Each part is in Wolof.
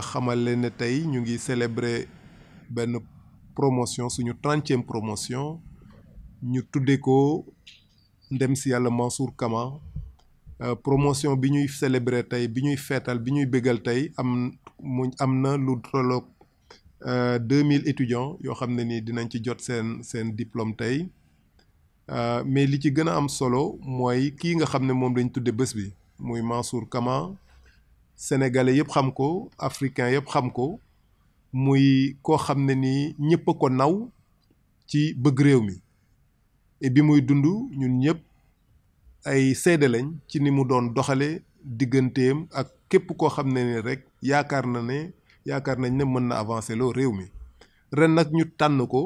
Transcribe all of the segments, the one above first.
xamal leen ne tey ñu ngi célébrer benn promotion suñu trentième promotion ñu tuddee ko ndem si yàlla Mansour Kama euh, promotion bi ñuy célébrer tey bi ñuy feetal bi ñuy bégal tey am mu am na lu tolloog euh, deux mille étudiants yoo xam ne nii dinañ ci jot seen seen diplôme tey euh, mais li ci gën a am solo mooy kii nga xam ne moom lañ tuddee bés bi muy Mansour Kama sénégalais yëpp xam ko africain yëpp xam ko muy koo xam ne ni ñëpp a ko naw ci bëgg réew mi bi muy dund ñun ñëpp ay seede lañ ci ni mu doon doxale digganteem ak képp koo xam ne ni rek yaakaar na ne yaakaar nañ ne mën na avancer loo réew mi ren nag ñu tànn ko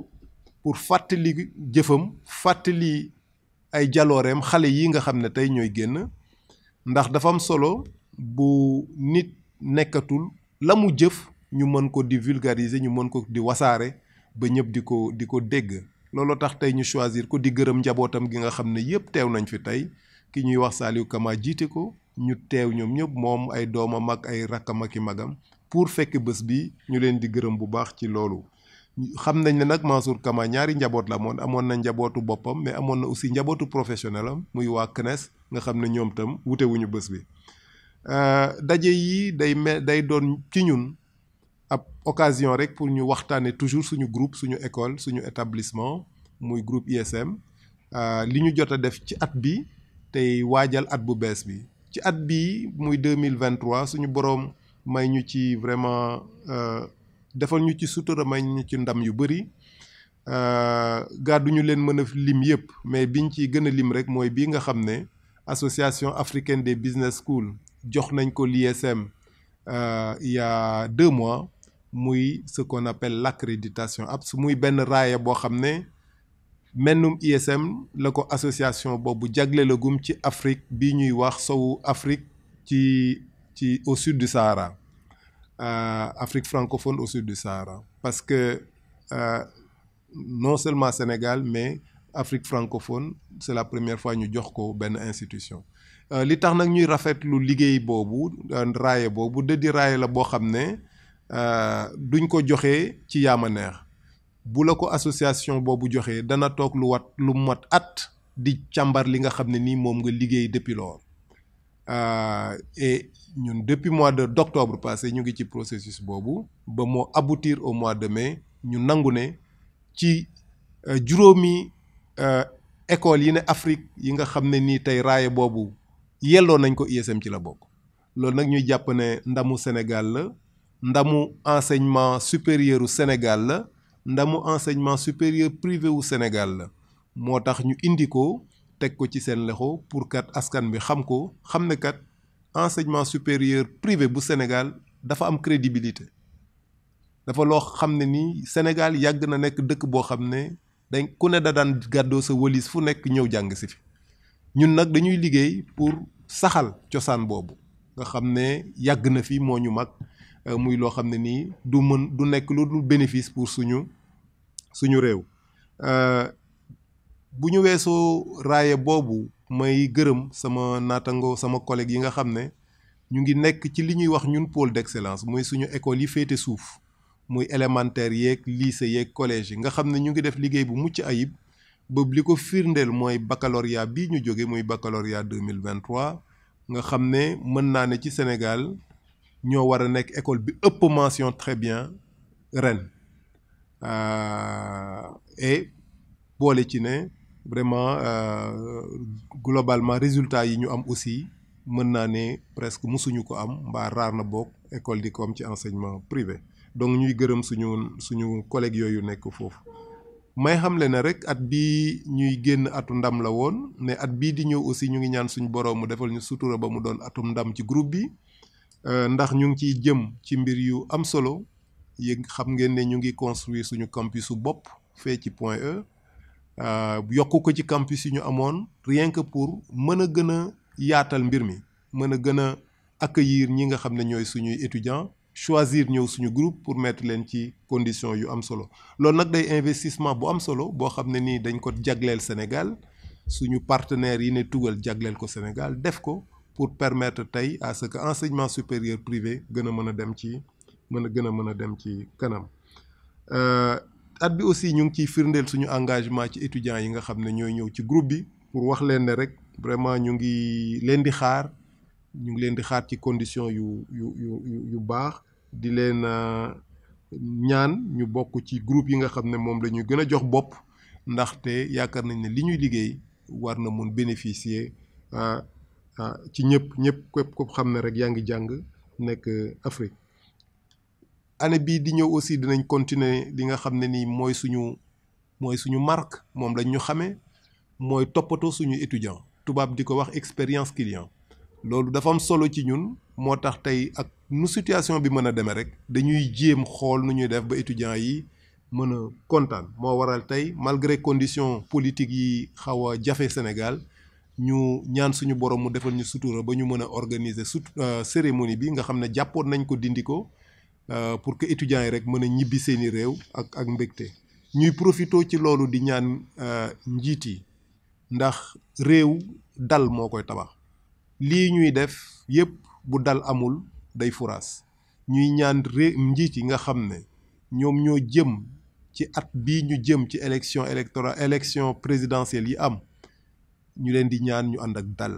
pour fàttali jëfam fàttali ay jalooreem xale yi nga xam ne tey ñooy génn ndax dafa am solo bu nit nekkatul la mu jëf ñu mën ko di vulgariser ñu mën ko di wasaare ba ñëpp di ko di ko dégg looloo tax tey ñu choisir ko di gërëm njabootam gi nga xam ne yëpp teew nañ fi tey ki ñuy wax Saliou Kama jiite ko ñu teew ñoom ñëpp moom ay doomam ak ay rakkam ak i magam pour fekk bés bi ñu leen di gërëm bu baax ci loolu xam nañ ne nag Mansour Kama ñaari njaboot la amoon amoon na njabootu boppam mais amoon na aussi njabootu professionnel am muy waa CNES nga xam ne ñoom tam wute wuñu bés bi Euh, daje yi day me day doon ci ñun ab occasion rek pour ñu waxtaane toujours suñu groupe suñu école suñu établissement muy groupe ISM euh, li ñu jot a def ci at bi tey waajal at bu bees bi ci at bi muy deux mille vingt suñu boroom may ñu ci vraiment euh, defal ñu ci sutura may ñu ci ndam yu bëri gàddu ñu leen mëna a lim yëpp mais ñu ci gën a lim rek mooy bii nga xam ne association africaine des business schools jox nañ ko l'ISM euh, il y a deux mois muy ce qu'on appelle l'accréditation ab su muy benn raaya boo xam ne mennum ISM la ko association boobu jagleelagum ci Afrique bi ñuy wax sowu Afrique ci ci au sud du Sahara euh, Afrique francophone au sud du Sahara parce que euh, non seulement Sénégal mais Afrique francophone c'est la première fois ñu jox ko benn institution Euh, li tax nag ñuy rafetlu liggéey boobu euh, raaye boobu dëddi raaye la boo xam ne euh, duñ ko joxee ci yaama neex bu la ko association boobu joxee dana toog lu wat lu mat at di càmbar li nga xam ne nii moom nga liggéey depuis lool et ñun depuis mois de d'octobre passé ñu ngi ci processus boobu ba moo aboutir au mois de mai ñu nangu ne ci juróomi école yi ne Afrique yi nga xam ne nii tey raaye boobu yelloo nañ ko ISM ci la bokk loolu nag ñuy jàpp ne ndamu Sénégal la ndamu enseignement supérieur u Sénégal la ndamu enseignement supérieur privé wu Sénégal la moo tax ñu indi ko teg ko ci seen loxo pour kat askan bi xam ko xam ne kat enseignement supérieur privé bu Sénégal dafa am crédibilité dafa loo xam ne nii Sénégal yàgg na nekk dëkk boo xam ne dañ ku ne da daan gàddoo sa walis fu nekk ñëw jàng si fi ñun nag dañuy liggéey pour saxal cosaan boobu nga xam ne yàgg na fi moo ñu mag euh, muy loo xam ne nii du mën du nekk lu dul bénéfice pour suñu suñu réew euh, bu ñu weesoo raaye boobu may gërëm sama naatango sama collègue yi nga xam ne ñu ngi nekk ci li ñuy wax ñun pôle d'excellence muy suñu école yi féete suuf muy élémentaire yeeg lycée yeeg collège yi nga xam ne ñu ngi def liggéey bu mucc ayib boobu li ko firndeel mooy baccalauréat bii ñu jóge muy baccalauréat 2023 nga xam ne mën naa ne ci Sénégal ñoo war a nekk école bi ëpp mention très bien ren euh, et boole ci ne vraiment euh, globalement résultat yi ñu am aussi mën naa ne presque musuñu ko am mbaa raar na bokk école di ko am ci enseignement privé donc ñuy gërëm suñu suñu collègues yooyu nekk foofu may xamle na rek at bii ñuy génn atu ndam la woon ne at bii di ñëw aussi ñu ngi ñaan suñu borom mu defal ñu sutura ba mu doon atum ndam ci groupe bi euh, ndax ñu ngi ciy jëm ci mbir yu am solo yëg xam ngeen ne ñu ngi construire suñu campus su bopp fee ci Point E euh, yokku ko ci campus yu ñu amoon rien que pour mën a gën a yaatal mbir mi mën a gën a accueillir ñi nga xam ne ñooy suñuy étudiants choisir ñëw suñu groupe pour mettre leen ci condition yu am solo loolu nag day investissement bu am solo boo xam ne nii dañ ko jagleel Sénégal suñu partenaires yi ne tugal jagleel ko Sénégal def ko pour permettre tey à ce que enseignement supérieur privé gën a mën a dem ci mën a gën a mën a dem ci kanam euh, at bi aussi ñu ngi ciy firndeel suñu engagement ci étudiants yi nga xam ne ñooy ñëw ci groupe bi pour wax leen ne rek vraiment ñu ngi leen di xaar ñu ngi leen di xaar ci condition yu yu yu yu baax di leen euh, ñaan ñu bokk ci groupe yi nga xam ne moom la ñuy gën a jox bopp ndaxte yaakaar nañ ne li ñuy liggéey war na mun bénéficier euh, euh, ci ñëpp ñëpp képp ko xam ne rek yaa ngi jàng nekk Afrique année bii di ñëw aussi dinañ continuer li nga xam ne nii mooy suñu mooy suñu marque moom lañ ñu xamee mooy toppatoo suñu étudiant tubaab di ko wax expérience client loolu dafa am solo ci ñun moo tax tey ak nu situation bi mën a demee rek dañuy jéem xool nu ñuy def ba étudiants yi mën a kontaan moo waral tey malgré condition politique yi xaw a jafe Sénégal ñu ñaan suñu borom mu defal ñu sutura ba ñu mën a organiser sut euh, cérémonie bi nga xam ne jàppoon nañ ko dindi ko euh, pour que étudiants yi rek mën a ñibbi seeni réew ak ak mbégte ñuy profito ci loolu di ñaan euh, njiit yi ndax réew dal moo koy tabax. lii ñuy def yépp bu dal amul day furaas ñuy ñaan ré njiit yi nga xam ne ñoom ñoo jëm ci at bii ñu jëm ci élection électorale élection présidentielle yi am ñu leen di ñaan ñu ànd ak dal